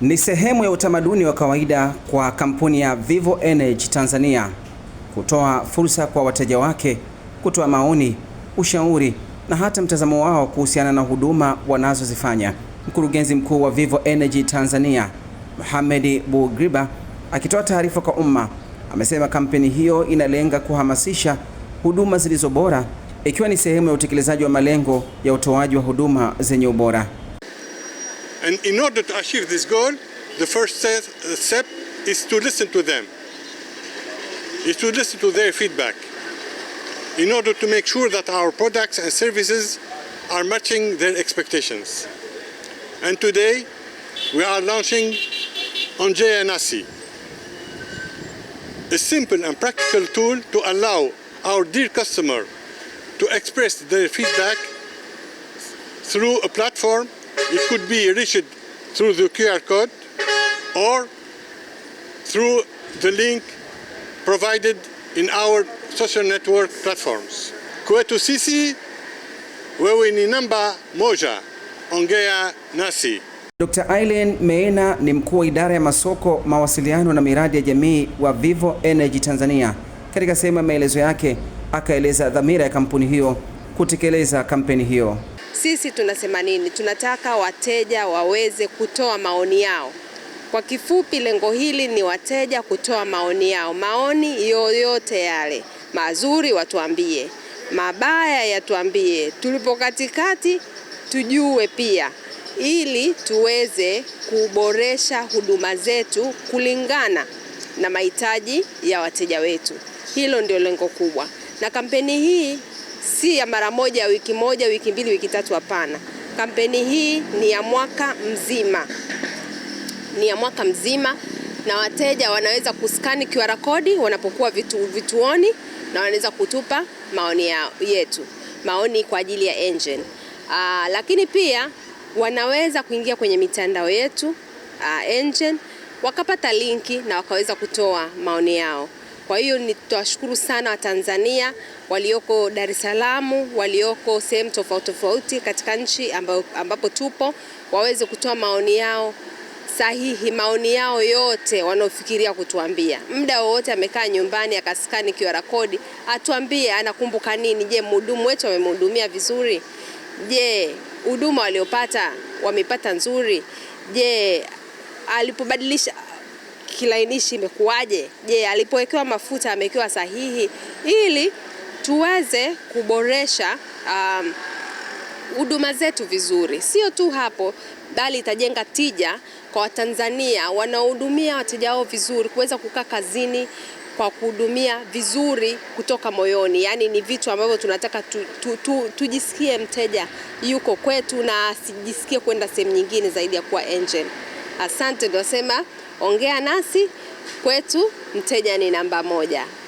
Ni sehemu ya utamaduni wa kawaida kwa kampuni ya Vivo Energy Tanzania kutoa fursa kwa wateja wake kutoa maoni, ushauri na hata mtazamo wao kuhusiana na huduma wanazozifanya. Mkurugenzi mkuu wa Vivo Energy Tanzania, Mohamed bugriba akitoa taarifa kwa umma, amesema kampeni hiyo inalenga kuhamasisha huduma zilizo bora ikiwa ni sehemu ya utekelezaji wa malengo ya utoaji wa huduma zenye ubora. And in order to achieve this goal, the first step is to listen to them, is to listen to their feedback in order to make sure that our products and services are matching their expectations. And today, we are launching on JNSC, a simple and practical tool to allow our dear customer to express their feedback through a platform It could be reached through the QR code or through the link provided in our social network platforms. Kwetu sisi, wewe ni namba moja. Ongea nasi. Dr. Aileen Meena ni mkuu wa idara ya masoko, mawasiliano na miradi ya jamii wa Vivo Energy Tanzania. Katika sehemu ya maelezo yake, akaeleza dhamira ya kampuni hiyo kutekeleza kampeni hiyo sisi tunasema nini? Tunataka wateja waweze kutoa maoni yao. Kwa kifupi, lengo hili ni wateja kutoa maoni yao, maoni yoyote yale, mazuri watuambie, mabaya yatuambie, tulipo katikati tujue pia, ili tuweze kuboresha huduma zetu kulingana na mahitaji ya wateja wetu. Hilo ndio lengo kubwa, na kampeni hii si ya mara moja, wiki moja, wiki mbili, wiki tatu. Hapana, kampeni hii ni ya mwaka mzima, ni ya mwaka mzima, na wateja wanaweza kuskani QR kodi wanapokuwa vitu, vituoni na wanaweza kutupa maoni ya, yetu maoni kwa ajili ya engine. Aa, ah, lakini pia wanaweza kuingia kwenye mitandao yetu aa, ah, engine wakapata linki na wakaweza kutoa maoni yao. Kwa hiyo nitawashukuru sana Watanzania walioko Dar es Salaam, walioko sehemu tofauti tofauti katika nchi ambapo tupo, waweze kutoa maoni yao sahihi, maoni yao yote wanaofikiria kutuambia. Muda wowote amekaa nyumbani akaskani QR code, atuambie anakumbuka nini. Je, mhudumu wetu amemhudumia vizuri? Je, huduma waliopata wamepata nzuri? Je, alipobadilisha kilainishi imekuwaje, je, alipowekewa mafuta amewekewa sahihi, ili tuweze kuboresha um, huduma zetu vizuri. Sio tu hapo, bali itajenga tija kwa Watanzania wanaohudumia wateja wao vizuri, kuweza kukaa kazini kwa kuhudumia vizuri kutoka moyoni. Yaani ni vitu ambavyo tunataka tu, tu, tu, tujisikie mteja yuko kwetu na asijisikie kwenda sehemu nyingine zaidi ya kuwa engine. Asante, ndio sema Ongea nasi, kwetu mteja ni namba moja.